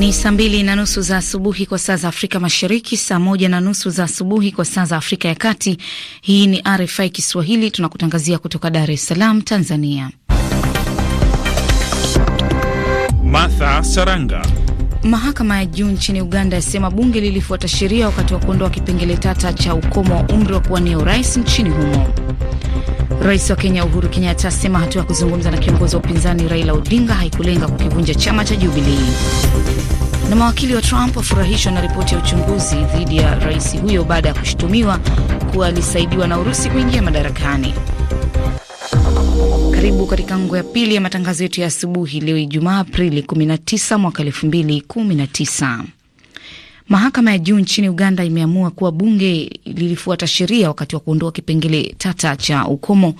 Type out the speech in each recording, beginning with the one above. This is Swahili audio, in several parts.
Ni saa mbili na nusu za asubuhi kwa saa za Afrika Mashariki, saa moja na nusu za asubuhi kwa saa za Afrika ya Kati. Hii ni RFI Kiswahili, tunakutangazia kutoka Dar es Salaam, Tanzania. Martha Saranga Mahakama ya juu nchini Uganda yasema bunge lilifuata sheria wakati wa kuondoa kipengele tata cha ukomo wa umri wa kuwania urais nchini humo. Rais wa Kenya Uhuru Kenyatta asema hatua ya kuzungumza na kiongozi wa upinzani Raila Odinga haikulenga kukivunja chama cha Jubilii. Na mawakili wa Trump wafurahishwa na ripoti ya uchunguzi dhidi ya rais huyo baada ya kushutumiwa kuwa alisaidiwa na Urusi kuingia madarakani. Karibu katika ngo ya pili ya matangazo yetu ya asubuhi leo Ijumaa Aprili 19 mwaka 2019. Mahakama ya juu nchini Uganda imeamua kuwa bunge lilifuata sheria wakati wa kuondoa kipengele tata cha ukomo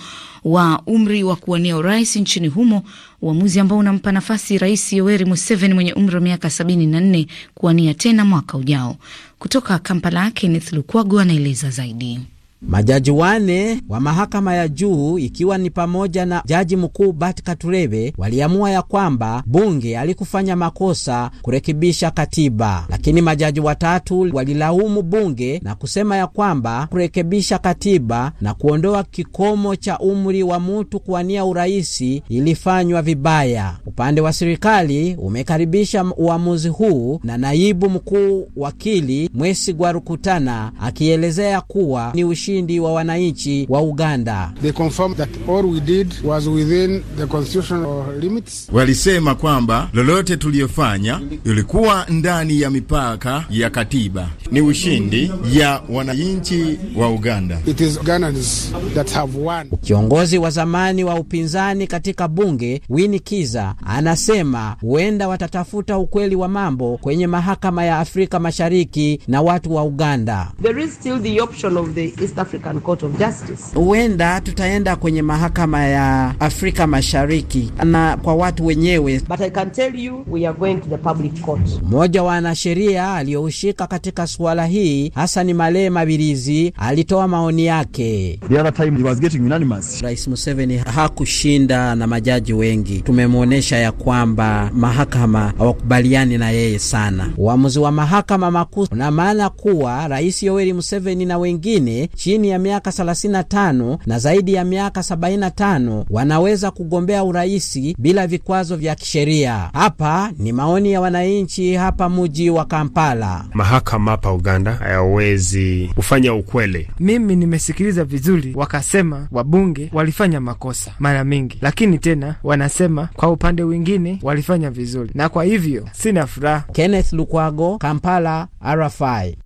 wa umri wa kuwania urais nchini humo, uamuzi ambao unampa nafasi Rais Yoweri Museveni mwenye umri wa miaka 74 kuwania tena mwaka ujao. Kutoka Kampala, Kenneth Lukwago anaeleza zaidi. Majaji wane wa mahakama ya juu ikiwa ni pamoja na jaji mkuu Bart Katurebe waliamua ya kwamba bunge alikufanya makosa kurekebisha katiba, lakini majaji watatu walilaumu bunge na kusema ya kwamba kurekebisha katiba na kuondoa kikomo cha umri wa mtu kuwania uraisi ilifanywa vibaya. Upande wa serikali umekaribisha uamuzi huu, na naibu mkuu wakili Mwesigwa Rukutana akielezea kuwa ni ushi ushindi wa wananchi wa Uganda. They confirm that all we did was within the constitutional limits. Walisema kwamba lolote tuliyofanya ilikuwa ndani ya mipaka ya katiba. Ni ushindi ya wananchi wa Uganda. It is Ugandans that have won. Kiongozi wa zamani wa upinzani katika bunge Winnie Kiza anasema huenda watatafuta ukweli wa mambo kwenye mahakama ya Afrika Mashariki na watu wa Uganda. There is still the option of the East African Court of Justice. Huenda tutaenda kwenye mahakama ya Afrika Mashariki na kwa watu wenyewe. But I can tell you we are going to the public court. Mmoja wa wanasheria aliyoushika katika suala hii Hassan Male Mabirizi alitoa maoni yake. The other time he was getting unanimous. Rais Museveni hakushinda na majaji wengi. Tumemwonyesha ya kwamba mahakama hawakubaliani na yeye sana. Uamuzi wa mahakama makuu una maana kuwa Rais Yoweri Museveni na wengine chini ya miaka 35 na zaidi ya miaka 75 wanaweza kugombea uraisi bila vikwazo vya kisheria. Hapa ni maoni ya wananchi hapa muji wa Kampala. Mahakama hapa Uganda hayawezi kufanya ukweli. Mimi nimesikiliza vizuri, wakasema wabunge walifanya makosa mara mingi, lakini tena wanasema kwa upande wingine walifanya vizuri, na kwa hivyo sina furaha. Kenneth Lukwago, Kampala, RFI.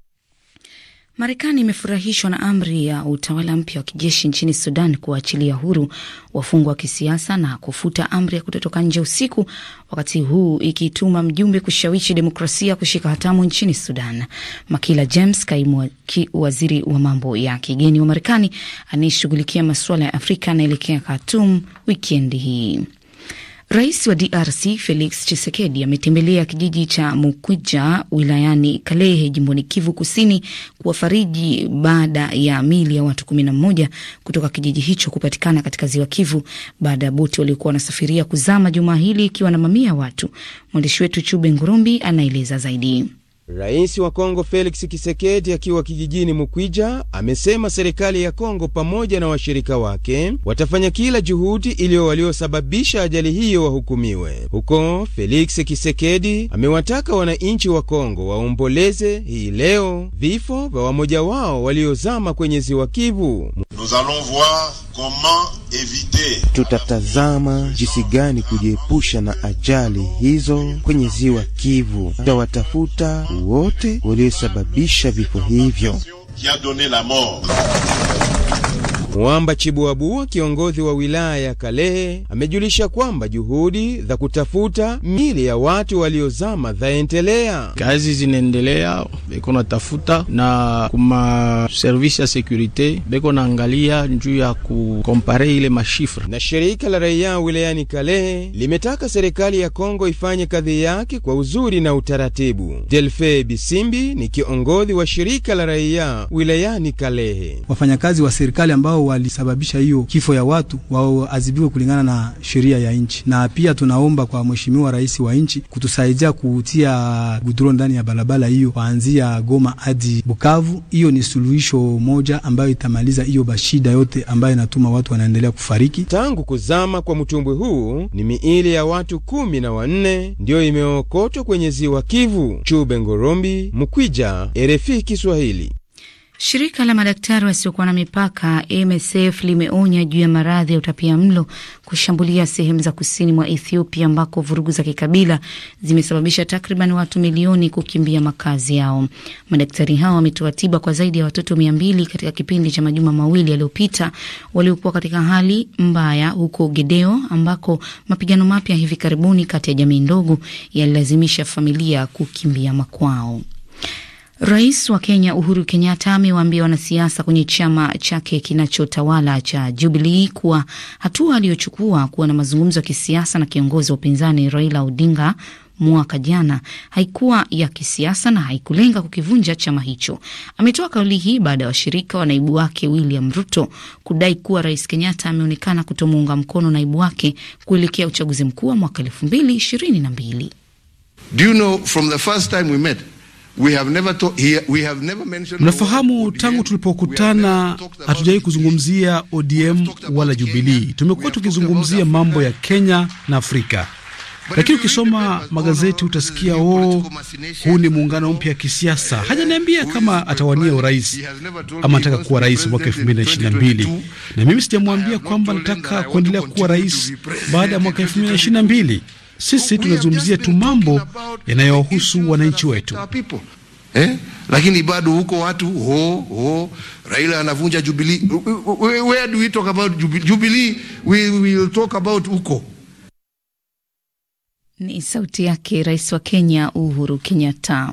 Marekani imefurahishwa na amri ya utawala mpya wa kijeshi nchini Sudan kuwaachilia huru wafungwa wa kisiasa na kufuta amri ya kutotoka nje usiku, wakati huu ikituma mjumbe kushawishi demokrasia kushika hatamu nchini Sudan. Makila James, kaimu waziri wa mambo ya kigeni wa Marekani anayeshughulikia masuala ya Afrika, anaelekea Khartoum wikendi hii. Rais wa DRC Felix Tshisekedi ametembelea kijiji cha Mukwija wilayani Kalehe jimboni Kivu Kusini kuwafariji baada ya mili ya watu kumi na mmoja kutoka kijiji hicho kupatikana katika ziwa Kivu baada ya boti waliokuwa wanasafiria kuzama jumaa hili ikiwa na mamia ya watu. Mwandishi wetu Chube Ngurumbi anaeleza zaidi. Rais wa Kongo Felix Tshisekedi akiwa kijijini Mukwija amesema serikali ya Kongo pamoja na washirika wake watafanya kila juhudi ili waliosababisha ajali hiyo wahukumiwe. Huko Felix Tshisekedi amewataka wananchi wa Kongo waomboleze hii leo vifo vya wamoja wao waliozama kwenye ziwa Kivu. Tutatazama jinsi gani kujiepusha na ajali hizo kwenye ziwa Kivu. Tutawatafuta wote waliosababisha vifo hivyo. Mwamba Chibuabua, kiongozi wa wilaya ya Kalehe, amejulisha kwamba juhudi za kutafuta miili ya watu waliozama zaendelea. Kazi zinaendelea, beko natafuta na kuma service ya sekurite beko naangalia njuu ya kukompare ile mashifra. Na shirika la raia wilayani Kalehe limetaka serikali ya Kongo ifanye kazi yake kwa uzuri na utaratibu. Delfe Bisimbi ni kiongozi wa shirika la raia wilayani Kalehe. Wafanyakazi wa serikali ambao walisababisha hiyo kifo ya watu waadhibiwe kulingana na sheria ya nchi. Na pia tunaomba kwa mheshimiwa rais wa nchi kutusaidia kutia gudro ndani ya barabara hiyo kuanzia Goma hadi Bukavu. Hiyo ni suluhisho moja ambayo itamaliza hiyo bashida yote ambayo inatuma watu wanaendelea kufariki. Tangu kuzama kwa mtumbwi huu ni miili ya watu kumi na wanne ndiyo imeokotwa kwenye ziwa Kivu. Chube Ngorombi, Mkwija, RFI Kiswahili. Shirika la madaktari wasiokuwa na mipaka MSF limeonya juu ya maradhi ya utapia mlo kushambulia sehemu za kusini mwa Ethiopia ambako vurugu za kikabila zimesababisha takriban watu milioni kukimbia makazi yao. Madaktari hao wametoa tiba kwa zaidi ya watoto mia mbili katika kipindi cha majuma mawili yaliyopita, waliokuwa katika hali mbaya huko Gedeo, ambako mapigano mapya hivi karibuni kati ya jamii ndogo yalilazimisha familia kukimbia makwao. Rais wa Kenya Uhuru Kenyatta amewaambia wanasiasa kwenye chama chake kinachotawala cha Jubilii kuwa hatua aliyochukua kuwa na mazungumzo ya kisiasa na kiongozi wa upinzani Raila Odinga mwaka jana haikuwa ya kisiasa na haikulenga kukivunja chama hicho. Ametoa kauli hii baada ya washirika wa naibu wake William Ruto kudai kuwa Rais Kenyatta ameonekana kutomuunga mkono naibu wake kuelekea uchaguzi mkuu wa mwaka elfu mbili ishirini na mbili. Mnafahamu, tangu tulipokutana hatujawahi kuzungumzia ODM wala Jubilii. Tumekuwa tukizungumzia mambo ya Kenya na Afrika, lakini ukisoma magazeti utasikia o, oh, huu ni muungano mpya wa eh, kisiasa. Eh, Hajaniambia kama atawania urais ama anataka kuwa rais mwaka elfu mbili na ishirini na mbili na mimi sijamwambia kwamba nataka kuendelea kuwa rais baada ya mwaka elfu mbili na ishirini na mbili. Sisi tunazungumzia tu mambo yanayowahusu wananchi wetu eh? Lakini bado huko watu ho ho, Raila anavunja Jubilee. Where do we talk about Jubilee? We will talk about huko ni sauti yake Rais wa Kenya Uhuru Kenyatta.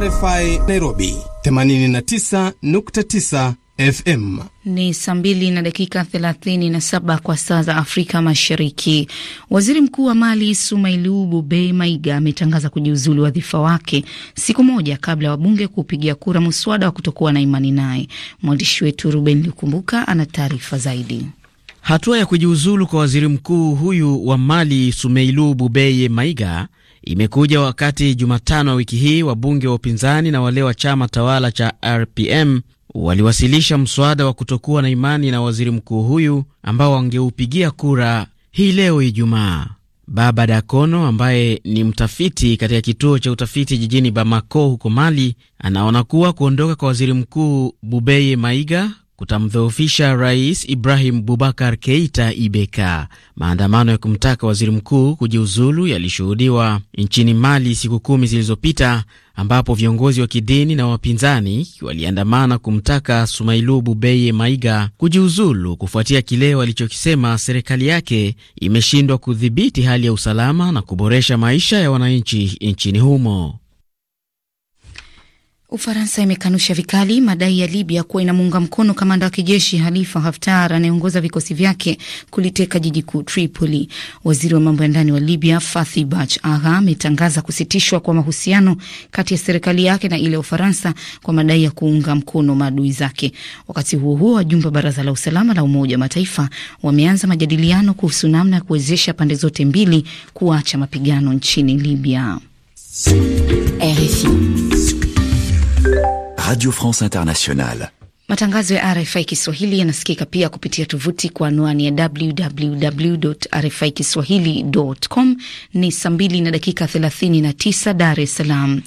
RFI Nairobi 89.9 FM. Ni saa mbili na dakika thelathini na saba kwa saa za Afrika Mashariki. Waziri Mkuu wa Mali Sumailu bubei Maiga ametangaza kujiuzulu wadhifa wake siku moja kabla ya wabunge kupigia kura mswada wa kutokuwa na imani naye. Mwandishi wetu Ruben Likumbuka ana taarifa zaidi. Hatua ya kujiuzulu kwa waziri mkuu huyu wa Mali Sumeilu Bubeye Maiga imekuja wakati Jumatano wa wiki hii wabunge wa upinzani na wale wa chama tawala cha RPM waliwasilisha mswada wa kutokuwa na imani na waziri mkuu huyu ambao wangeupigia kura hii leo Ijumaa. Baba Dakono ambaye ni mtafiti katika kituo cha utafiti jijini Bamako huko Mali, anaona kuwa kuondoka kwa waziri mkuu Bubeye Maiga kutamdhoofisha Rais Ibrahim Bubakar Keita Ibeka. Maandamano ya kumtaka waziri mkuu kujiuzulu yalishuhudiwa nchini Mali siku kumi zilizopita, ambapo viongozi wa kidini na wapinzani waliandamana kumtaka Sumailu Bubeye Maiga kujiuzulu kufuatia kile walichokisema serikali yake imeshindwa kudhibiti hali ya usalama na kuboresha maisha ya wananchi nchini humo. Ufaransa imekanusha vikali madai ya Libya kuwa inamuunga mkono kamanda wa kijeshi Halifa Haftar anayeongoza vikosi vyake kuliteka jiji kuu Tripoli. Waziri wa mambo ya ndani wa Libya Fathi Bach aha ametangaza kusitishwa kwa mahusiano kati ya serikali yake na ile ya Ufaransa kwa madai ya kuunga mkono maadui zake. Wakati huo huo, wajumbe wa Baraza la Usalama la Umoja wa Mataifa wameanza majadiliano kuhusu namna ya kuwezesha pande zote mbili kuacha mapigano nchini Libya. RFI. Radio France Internationale. Matangazo ya RFI Kiswahili yanasikika pia kupitia tovuti kwa anwani ya www RFI kiswahilicom. Ni saa 2 na dakika 39 Dar es Salaam.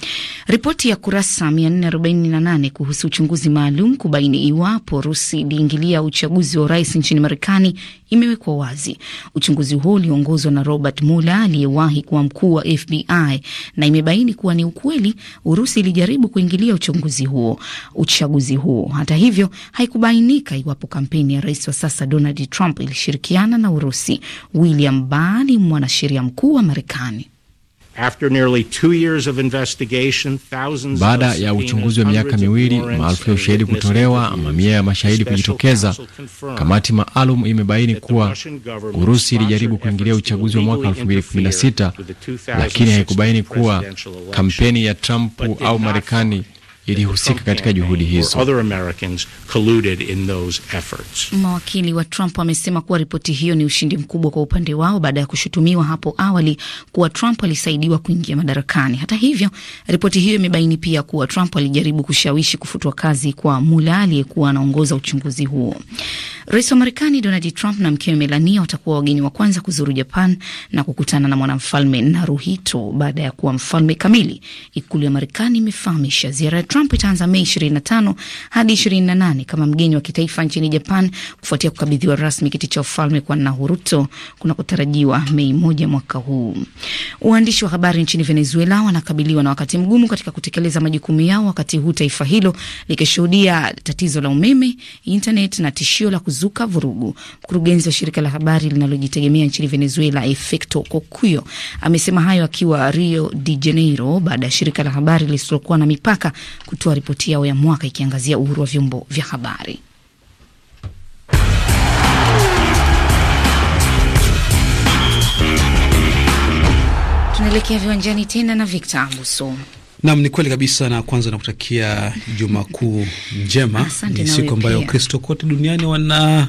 Ripoti ya kurasa 448 kuhusu uchunguzi maalum kubaini iwapo Rusi iliingilia uchaguzi wa urais nchini Marekani imewekwa wazi. Uchunguzi huo uliongozwa na Robert Mueller aliyewahi kuwa mkuu wa FBI na imebaini kuwa ni ukweli Urusi ilijaribu kuingilia uchunguzi huo, uchaguzi huo. Hata hivyo, haikubainika iwapo kampeni ya rais wa sasa Donald Trump ilishirikiana na Urusi. William Barr ni mwanasheria mkuu wa Marekani. Baada ya uchunguzi wa miaka miwili, maelfu ya ushahidi kutolewa, mamia ya mashahidi kujitokeza, kamati maalum imebaini kuwa Urusi ilijaribu kuingilia uchaguzi wa mwaka 2016 lakini haikubaini kuwa kampeni ya Trump au Marekani ilihusika katika juhudi hizo. Mawakili wa Trump wamesema kuwa ripoti hiyo ni ushindi mkubwa kwa upande wao baada ya kushutumiwa hapo awali kuwa Trump alisaidiwa kuingia madarakani. Hata hivyo, ripoti hiyo imebaini pia kuwa Trump alijaribu kushawishi kufutwa kazi kwa Mula aliyekuwa anaongoza uchunguzi huo. Rais wa Marekani Donald Trump na mkewe Melania watakuwa wageni wa kwanza kuzuru Japan na kukutana na mwanamfalme Naruhito baada ya kuwa mfalme kamili. Ikulu ya Marekani imefahamisha ziara ya Trump Trump itaanza Mei 25 hadi 28 kama mgeni wa kitaifa nchini Japan kufuatia kukabidhiwa rasmi kiti cha ufalme kwa Nahuruto kunakotarajiwa Mei moja mwaka huu. Waandishi wa habari nchini Venezuela wanakabiliwa na wakati mgumu katika kutekeleza majukumu yao, wakati huu taifa hilo likishuhudia tatizo la umeme, internet na tishio la kuzuka vurugu. Mkurugenzi wa shirika la habari linalojitegemea nchini Venezuela, Efecto Cocuyo, amesema hayo akiwa Rio de Janeiro baada ya shirika la habari lisilokuwa na mipaka kutoa ripoti yao ya mwaka ikiangazia uhuru wa vyombo vya habari. Tunaelekea viwanjani tena na Victor Abuso. Nam, ni kweli kabisa, na kwanza nakutakia juma Kuu njema. Ni siku ambayo Wakristo kote duniani wana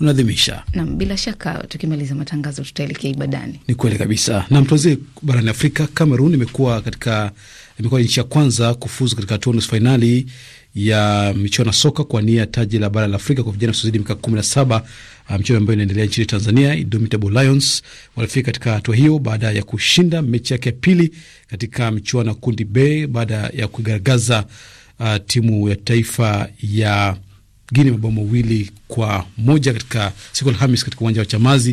unaadhimisha. Naam, bila shaka tukimaliza matangazo tutaelekea ibadani. Ni kweli kabisa. Na mtuanzie barani Afrika, Cameroon imekuwa katika imekuwa nchi ya kwanza kufuzu katika hatua nusu fainali ya michuano ya soka kwa nia taji la bara la Afrika kwa vijana wasiozidi miaka kumi na saba. Ah, michuano ambayo inaendelea nchini Tanzania, Indomitable Lions walifika katika hatua hiyo baada ya kushinda mechi yake ya pili katika michuano ya kundi B baada ya kuigaragaza uh, timu ya taifa ya Guini mabao mawili kwa moja katika siku Alhamis katika uwanja wa Chamazi.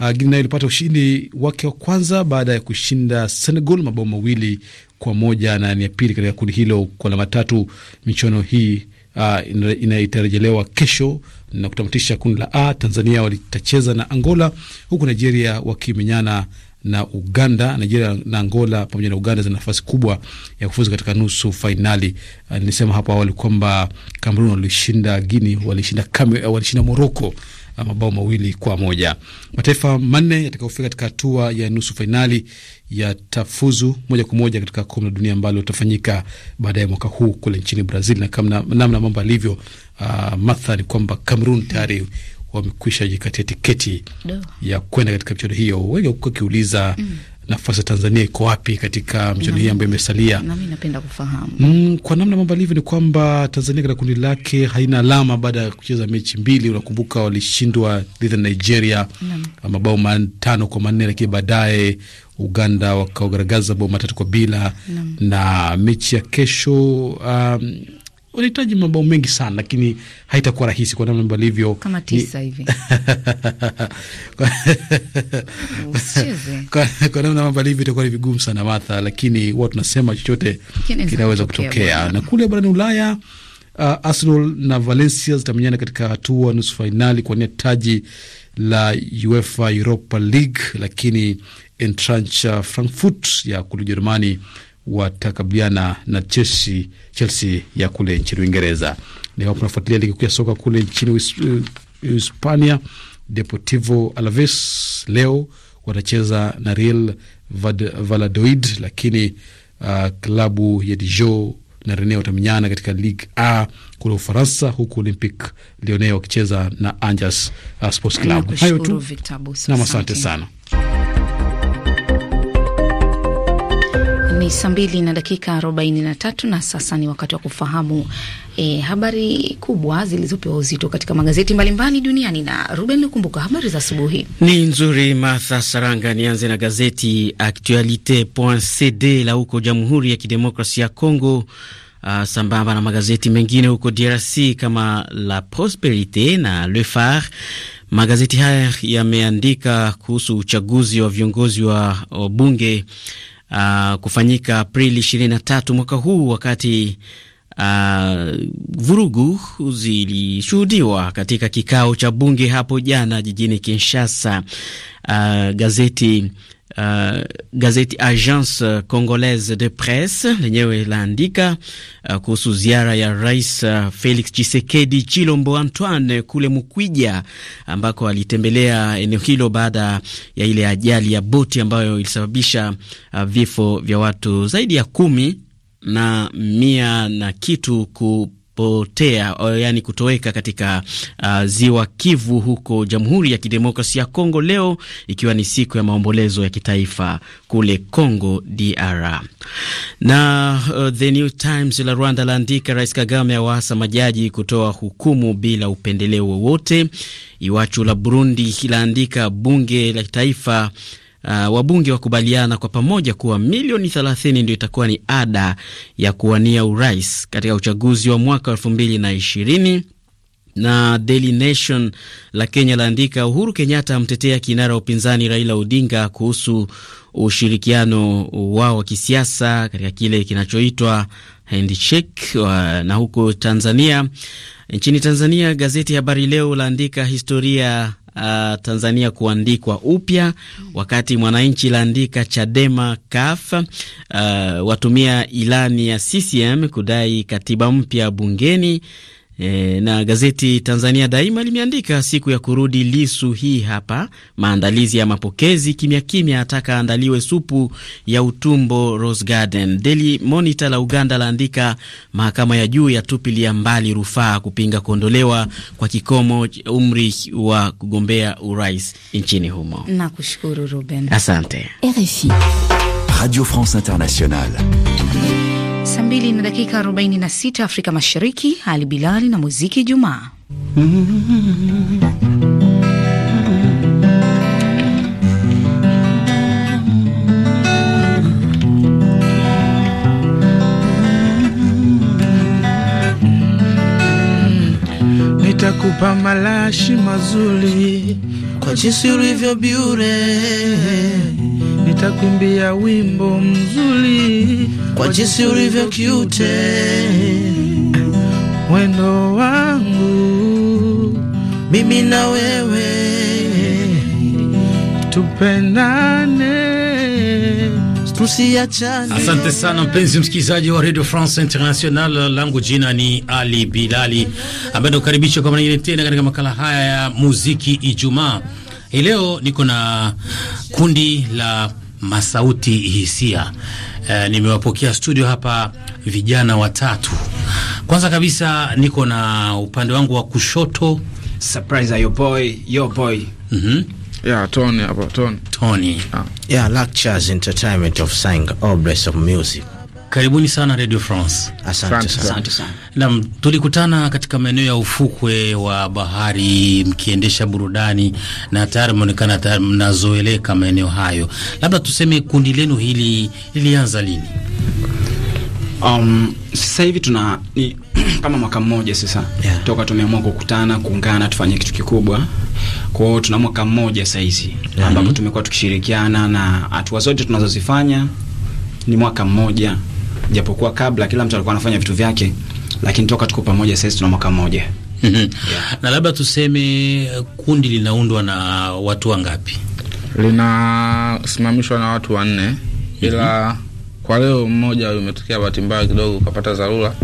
Uh, ah, Guini nayo ilipata ushindi wake wa kwanza baada ya kushinda Senegal mabao mawili kwa moja na ni ya pili katika kundi hilo kwa alama tatu. Michuano hii uh, ah, inaitarejelewa kesho na kutamatisha kundi la A. Tanzania walitacheza na Angola, huku Nigeria wakimenyana na Uganda. Nigeria na Angola pamoja na Uganda zina nafasi kubwa ya kufuzu katika nusu fainali. Uh, ah, nilisema hapo awali kwamba Cameroon walishinda Guini, walishinda Kame, eh, walishinda Moroko ah, mabao mawili kwa moja. Mataifa manne yatakayofika katika hatua ya nusu fainali yatafuzu moja kwa moja katika kombe la dunia ambalo litafanyika baadaye mwaka huu kule nchini Brazil. Na namna mambo alivyo, uh, ah, Martha, ni kwamba Cameroon tayari wamekwisha jikatia tiketi Do. ya kwenda katika michuano hiyo. Wengi wamekuwa wakiuliza mm. nafasi ya Tanzania iko wapi katika michuano hii ambayo imesalia. Nami napenda kufahamu mm, kwa namna mambo alivyo ni kwamba Tanzania katika kundi lake haina alama baada ya kucheza mechi mbili. Unakumbuka walishindwa dhidi ya Nigeria mabao matano kwa manne, lakini baadaye Uganda wakaogaragaza bao matatu kwa bila na, na mechi ya kesho um, unahitaji mabao mengi sana, lakini haitakuwa rahisi kwa namna alivyo kama tisa hivi kwa, kwa, namna mambo alivyo itakuwa ni vigumu sana Martha, lakini huwa tunasema chochote kinaweza kutokea. Na kule barani Ulaya uh, Arsenal na Valencia zitamenyana katika hatua nusu fainali kuwania taji la UEFA Europa League, lakini Eintracht Frankfurt ya kule Ujerumani watakabiliana na Chelsea, Chelsea ya kule nchini Uingereza. unafuatilia ligi kuu ya soka kule nchini uh, Hispania. Deportivo Alaves leo watacheza na Real Valladolid, lakini uh, klabu ya Dijon na Rennes watamenyana katika Ligue A kule Ufaransa, huku olympic Lyonnais wakicheza na Angers uh, Sports Club. Hayo tu nam, asante sana. Ni saa mbili na dakika arobaini na tatu na sasa ni wakati wa kufahamu e, habari kubwa zilizopewa uzito katika magazeti mbalimbali duniani na Ruben Lukumbuka. Habari za asubuhi ni nzuri, Martha Saranga. Nianze na gazeti Actualite.cd la huko Jamhuri ya Kidemokrasia ya Congo, uh, ah, sambamba na magazeti mengine huko DRC kama La Prosperite na Le Phare. Magazeti haya yameandika kuhusu uchaguzi wa viongozi wa bunge uh, kufanyika Aprili 23 mwaka huu wakati Uh, vurugu zilishuhudiwa katika kikao cha bunge hapo jana jijini Kinshasa. Uh, gazeti Uh, gazeti Agence Congolaise de Presse lenyewe laandika uh, kuhusu ziara ya Rais uh, Felix Tshisekedi Chilombo Antoine kule Mukwija ambako alitembelea eneo hilo baada ya ile ajali ya boti ambayo ilisababisha uh, vifo vya watu zaidi ya kumi na mia na kitu ku kupotea yani kutoweka katika uh, ziwa Kivu huko Jamhuri ya Kidemokrasia ya Kongo leo ikiwa ni siku ya maombolezo ya kitaifa kule Kongo DR. Na uh, The New Times la Rwanda laandika Rais Kagame awaasa majaji kutoa hukumu bila upendeleo wowote. Iwachu la Burundi laandika bunge la taifa uh, wabunge wakubaliana kwa pamoja kuwa milioni 30 ndio itakuwa ni ada ya kuwania urais katika uchaguzi wa mwaka wa elfu mbili na ishirini na Daily Nation la Kenya laandika Uhuru Kenyatta amtetea kinara wa upinzani Raila Odinga kuhusu ushirikiano wao wa kisiasa katika kile kinachoitwa handshake. Na huko Tanzania, nchini Tanzania, gazeti Habari Leo laandika historia uh, Tanzania kuandikwa upya, wakati Mwananchi laandika Chadema kaf uh, watumia ilani ya CCM kudai katiba mpya bungeni E, na gazeti Tanzania Daima limeandika siku ya kurudi Lisu, hii hapa maandalizi ya mapokezi kimya kimya, ataka aandaliwe supu ya utumbo Rose Garden. Daily Monitor la Uganda laandika mahakama ya juu yatupilia mbali rufaa kupinga kuondolewa kwa kikomo umri wa kugombea urais nchini humo. Nakushukuru Ruben, asante. RFI Radio France Internationale saa mbili na dakika 46 Afrika Mashariki. Ali Bilali na muziki Jumaa. Nitakupa malashi mazuri kwa jinsi ulivyo bure, nitakwimbia wimbo mzuri kwa jinsi ulivyo kiute, mwendo wangu mimi na wewe tupendane Asante sana mpenzi msikilizaji wa Radio France International, langu jina ni Ali Bilali ambaye nakukaribisha kwa mara nyingine tena katika makala haya ya muziki Ijumaa. Hii leo niko na kundi la Masauti Hisia. E, nimewapokea studio hapa vijana watatu. Kwanza kabisa niko na upande wangu wa kushoto Surprise, boy, boy. Mm -hmm. Yeah, Tony, about Tony. Tony. Ah. Yeah, lectures, entertainment of of music. Karibuni sana Radio France. Asante Asante sana. Naam, tulikutana katika maeneo ya ufukwe wa bahari mkiendesha burudani na tayari mnaonekana tayari mnazoeleka maeneo hayo. Labda tuseme kundi lenu hili lilianza lini? Um, sasa hivi tuna ni kama mwaka mmoja sasa yeah, toka tumeamua kukutana, kuungana, tufanye kitu kikubwa Kwao tuna mwaka mmoja sasa hizi mhm. ambapo tumekuwa tukishirikiana na hatua zote tunazozifanya ni mwaka mmoja, japokuwa kabla kila mtu alikuwa anafanya vitu vyake, lakini toka tuko pamoja sasa tuna mwaka mmoja. Mhm. yeah. Na labda tuseme eh, kundi linaundwa na watu wangapi? Linasimamishwa na watu wanne, mhm. ila kwa leo mmoja umetokea bahati mbaya kidogo ukapata dharura,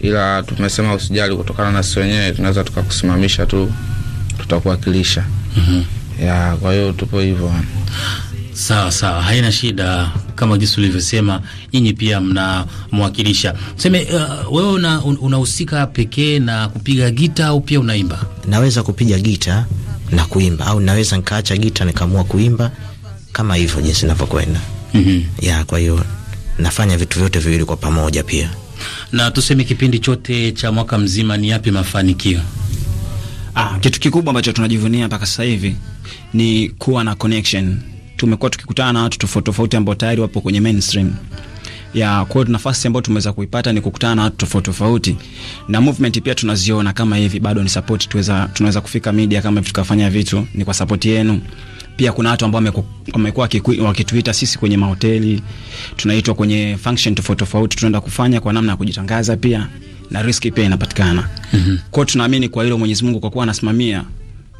ila tumesema usijali, kutokana na sisi wenyewe tunaweza tukakusimamisha tu tutakuwakilisha. mm -hmm. kwa hiyo tupo hivyo. Sawa sawa, haina shida. Kama jinsi ulivyosema, nyinyi pia mnamwakilisha. Seme uh, wewe una, unahusika pekee na kupiga gita au pia unaimba? Naweza kupiga gita na kuimba, au naweza nikaacha gita nikaamua kuimba, kama hivyo jinsi ninavyokwenda. mm -hmm. ya kwa hiyo nafanya vitu vyote viwili kwa pamoja pia. Na tuseme kipindi chote cha mwaka mzima, ni yapi mafanikio Ah, kitu kikubwa ambacho tunajivunia mpaka sasa hivi ni kuwa na connection. Tumekuwa tukikutana na watu tofauti tofauti ambao tayari wapo kwenye mainstream ya kwa hiyo nafasi ambayo tumeweza kuipata ni kukutana na watu tofauti tofauti, na movement pia tunaziona kama hivi, bado ni support, tuweza tunaweza kufika media kama hivi tukafanya vitu, ni kwa support yenu. Pia kuna watu ambao wamekuwa wakituita sisi kwenye mahoteli, tunaitwa kwenye function tofauti tofauti, tunaenda kufanya kwa namna ya kujitangaza pia na riski pia inapatikana. Mm -hmm. Kwao tunaamini kwa hilo Mwenyezi Mungu kwa kuwa anasimamia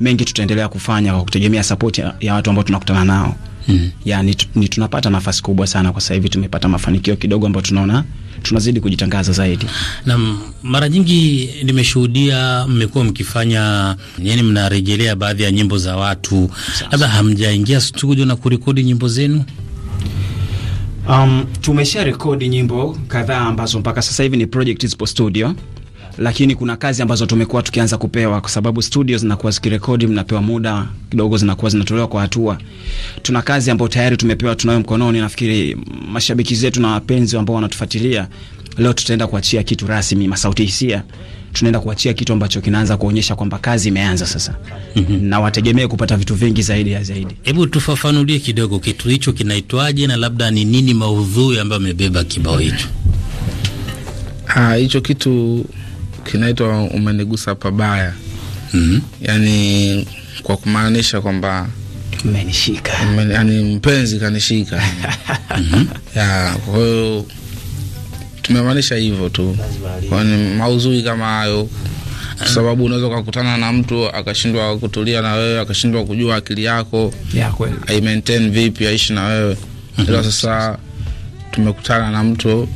mengi, tutaendelea kufanya kwa kutegemea sapoti ya, ya watu ambao tunakutana nao. Mm -hmm. Yani ni tunapata nafasi kubwa sana kwa sasa hivi, tumepata mafanikio kidogo ambayo tunaona tunazidi kujitangaza zaidi. Na mara nyingi nimeshuhudia mmekuwa mkifanya, yani mnarejelea baadhi ya nyimbo za watu, labda hamjaingia studio na kurekodi nyimbo zenu Um, tumesha rekodi nyimbo kadhaa ambazo mpaka sasa hivi ni project zipo studio, lakini kuna kazi ambazo tumekuwa tukianza kupewa, kwa sababu studio zinakuwa zikirekodi, mnapewa muda kidogo, zinakuwa zinatolewa kwa hatua. Tuna kazi ambayo tayari tumepewa, tunayo mkononi. Nafikiri mashabiki zetu na wapenzi ambao wanatufuatilia leo, tutaenda kuachia kitu rasmi, Masauti Hisia tunaenda kuachia kitu ambacho kinaanza kuonyesha kwamba kazi imeanza sasa. mm -hmm. na wategemee kupata vitu vingi zaidi ya zaidi. Hebu tufafanulie kidogo kitu hicho kinaitwaje, na labda ni nini maudhui ambayo amebeba kibao hicho? Ah, hicho kitu kinaitwa umenigusa pabaya. mm -hmm. Yani kwa kumaanisha kwamba umenishika, yani mpenzi kanishika. mm -hmm. ya kwa hiyo tumemaanisha hivyo tu, kwani mauzui kama hayo kwa sababu unaweza ukakutana na mtu akashindwa kutulia na wewe, akashindwa kujua akili yako yeah, ai maintain vipi aishi na wewe mm -hmm. Ila sasa tumekutana na mtu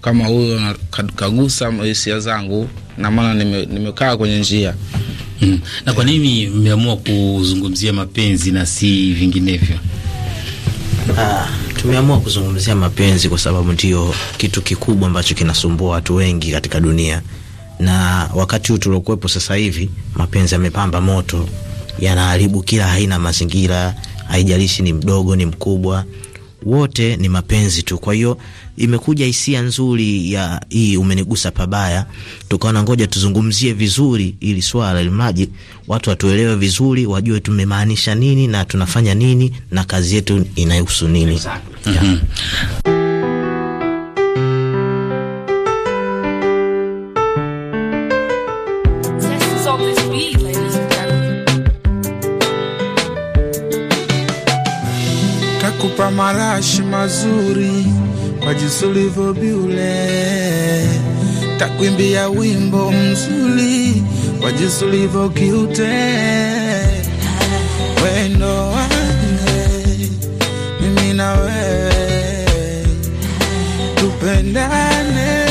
kama huyo, kagusa hisia zangu na maana nimekaa kwenye njia mm. Na kwa nini mmeamua kuzungumzia mapenzi na si vinginevyo? ah. Tumeamua kuzungumzia mapenzi kwa sababu ndiyo kitu kikubwa ambacho kinasumbua watu wengi katika dunia, na wakati huu tuliokuwepo sasa hivi, mapenzi yamepamba moto, yanaharibu kila aina mazingira, haijalishi ni mdogo ni mkubwa wote ni mapenzi tu. Kwa hiyo imekuja hisia nzuri ya hii umenigusa pabaya, tukaona ngoja tuzungumzie vizuri ili swala limaji watu watuelewe vizuri, wajue tumemaanisha nini na tunafanya nini na kazi yetu inahusu nini. Exactly. Yeah. Mm -hmm. marashi mazuri kwa jinsi ulivyobiule, takwimbia wimbo mzuri kwa jinsi ulivyokiute, wendo wange mimi na wewe tupendane,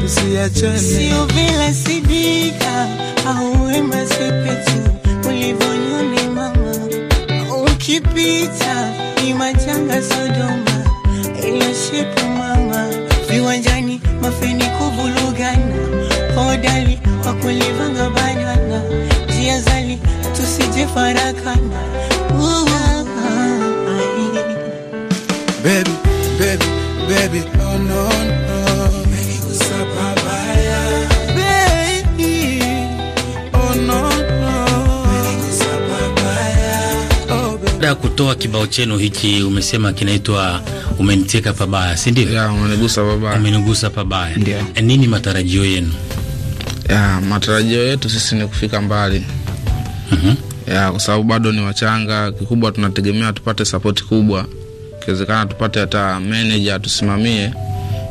tusiachane, sio vile sidika au wema sipetu ulivyonyuni mama ni machanga Sodoma, Elashepu mama viwanjani, mafeni kuvulugana, hodali wakulivanga banana, jiazali tusijefarakana ya kutoa kibao chenu hiki umesema kinaitwa umeniteka pabaya, si ndio? Yeah, umenigusa pabaya, umenigusa pabaya. Ndio eh, nini matarajio yenu? Yeah, matarajio yetu sisi ni kufika mbali uh mhm. -huh. Yeah, kwa sababu bado ni wachanga. Kikubwa tunategemea tupate sapoti kubwa, ikiwezekana tupate hata manager tusimamie,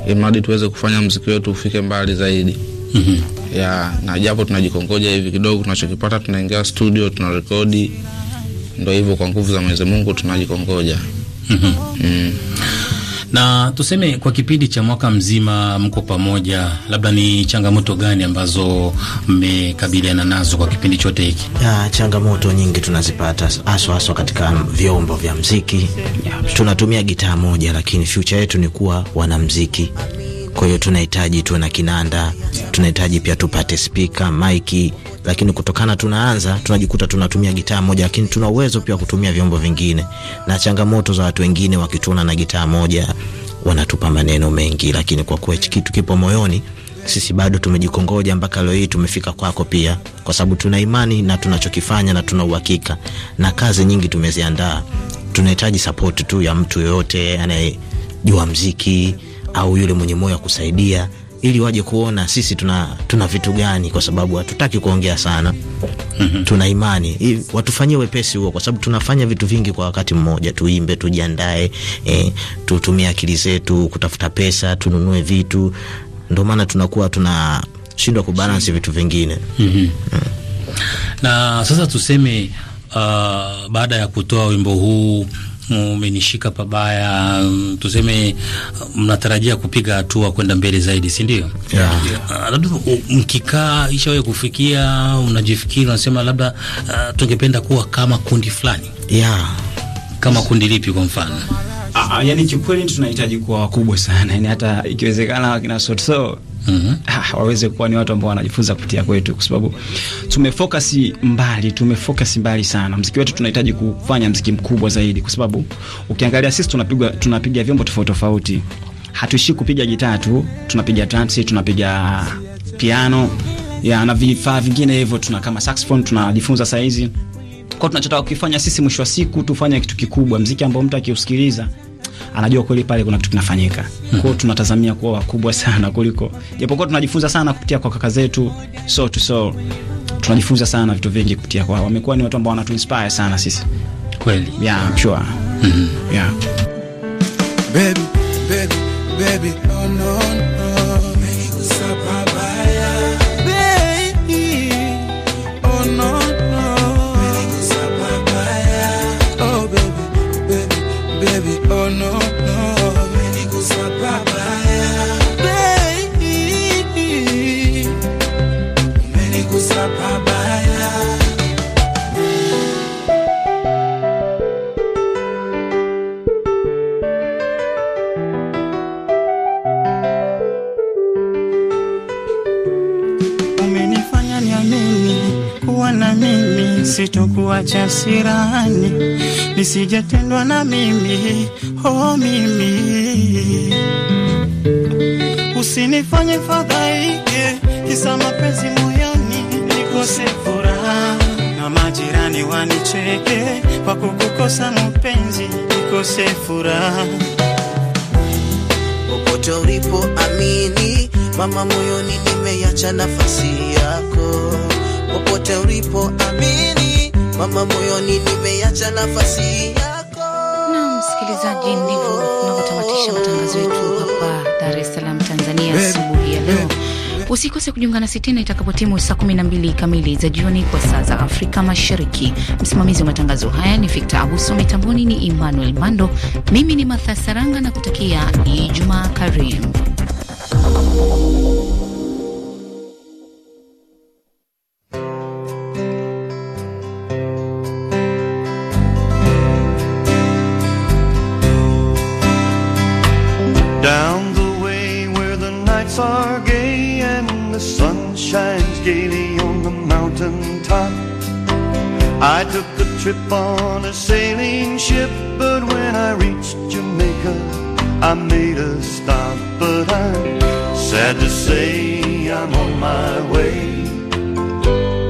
imradi tuweze kufanya mziki wetu ufike mbali zaidi. mm -hmm. Ya, na japo tunajikongoja hivi kidogo, tunachokipata tunaingia studio, tunarekodi ndo hivyo, kwa nguvu za Mwenyezi Mungu tunajikongoja. mm mm. Na tuseme kwa kipindi cha mwaka mzima mko pamoja, labda ni changamoto gani ambazo mmekabiliana nazo kwa kipindi chote hiki? Ya, changamoto nyingi tunazipata haswa haswa katika vyombo vya mziki. Tunatumia gitaa moja, lakini future yetu ni kuwa wanamziki kwa hiyo tunahitaji tuwe na kinanda, tunahitaji pia tupate spika, maiki, lakini kutokana tunaanza, tunajikuta tunatumia gitaa moja, lakini tuna uwezo pia kutumia vyombo vingine, na changamoto za watu wengine wakituona na gitaa moja wanatupa maneno mengi, lakini kwa kuwa hichi kitu kipo moyoni sisi bado tumejikongoja mpaka leo hii tumefika kwako, pia kwa sababu tuna imani na tunachokifanya na tuna uhakika na kazi nyingi tumeziandaa. Tunahitaji sapoti tu ya mtu yoyote anayejua mziki au yule mwenye moyo wa kusaidia, ili waje kuona sisi tuna, tuna vitu gani, kwa sababu hatutaki kuongea sana mm -hmm. Tuna imani watufanyie wepesi huo, kwa sababu tunafanya vitu vingi kwa wakati mmoja. Tuimbe, tujiandae, eh, tutumie akili zetu kutafuta pesa, tununue vitu, ndio maana tunakuwa tunashindwa kubalansi vitu vingine mm -hmm. mm. Na sasa tuseme, uh, baada ya kutoa wimbo huu mmenishika pabaya, tuseme mnatarajia kupiga hatua kwenda mbele zaidi, si ndio? Yeah. Labda mkikaa ishawe kufikia, unajifikiri unasema, labda uh, tungependa kuwa kama kundi fulani. Yeah. Kama kundi lipi kwa mfano? Ah, yani kikweli tunahitaji kuwa wakubwa sana, yani hata ikiwezekana wakina Sotso Mm -hmm. Ah, waweze kuwa ni watu ambao wanajifunza kupitia kwetu, kwa sababu tumefocus mbali, tumefocus mbali sana. Mziki wetu tunahitaji kufanya mziki mkubwa zaidi, kwa sababu ukiangalia sisi tunapiga tunapiga vyombo tofauti tofauti, hatuishi kupiga gitaa tu, tunapiga tansi, tunapiga piano ya na vifaa vingine hivyo, tuna kama saxophone tunajifunza saizi. Kwa tunachotaka kukifanya sisi, mwisho wa siku tufanye kitu kikubwa, mziki ambao mtu akiusikiliza anajua kweli pale kuna kitu kinafanyika. Hmm. Kwa tunatazamia kuwa wakubwa sana kuliko, japokuwa tunajifunza sana kupitia kwa kaka zetu so to so, tunajifunza sana vitu vingi kupitia kwao. Wamekuwa ni watu ambao wanatuinspire sana sisi kweli. Yeah, I'm sure. mm -hmm. Yeah. Baby, baby, baby, oh no. gani nisijatendwa na mimi, oh mimi, usinifanye fadhaike, kisa mapenzi moyoni nikose furaha na majirani wanicheke kwa kukukosa mpenzi, nikose furaha popote ulipo, amini mama, moyoni nimeacha nafasi yako popote ulipo, amini mama, moyoni nimeacha nafasi yako. Na msikilizaji, ndivyo tunavyotamatisha matangazo yetu hapa Dar es Salaam, Tanzania asubuhi ya leo. Usikose kujiunga na sitina itakapotimu saa 12 kamili za jioni kwa saa za Afrika Mashariki. Msimamizi wa matangazo haya ni Victor Abuso, mitamboni ni Emmanuel Mando, mimi ni Martha Saranga na kutakia Ijumaa karimu. trip on a sailing ship, but when I reached Jamaica, I made a stop. But I'm sad to say I'm on my way.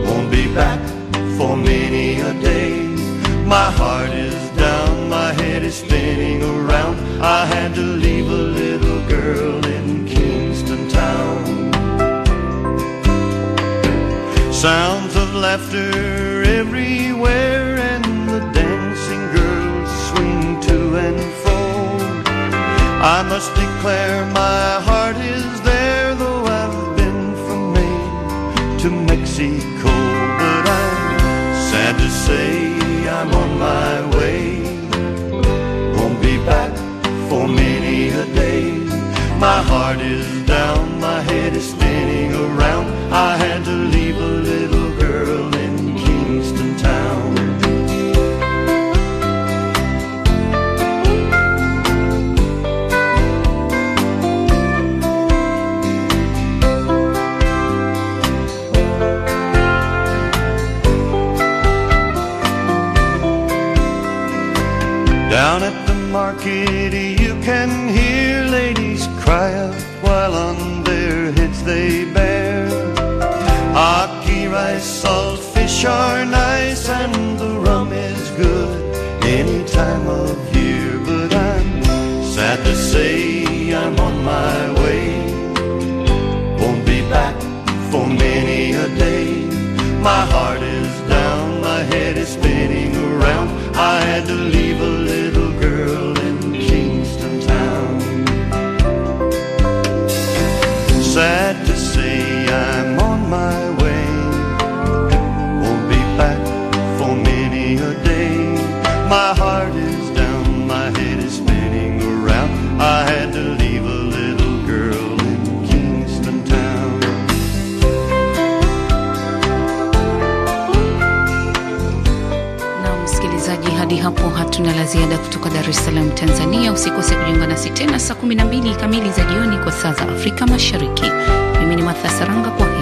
Won't be back for many a day. My heart is down, my head is spinning around. I had to leave a little girl in Kingston Town. Sounds of laughter declare my heart is there, though I've been from Maine to Mexico. But I'm sad to say I'm on my way. Won't be back for many a day. My heart is kitty, you can hear ladies cry out while on their heads they bear. Hockey, rice, salt fish are nice, and the rum is good any time of year. But I'm sad to say I'm on my way. Dar es Salaam, Tanzania. Usikose kujiunga nasi tena saa 12 kamili za jioni kwa saa za Afrika Mashariki. Mimi ni Martha Saranga kwa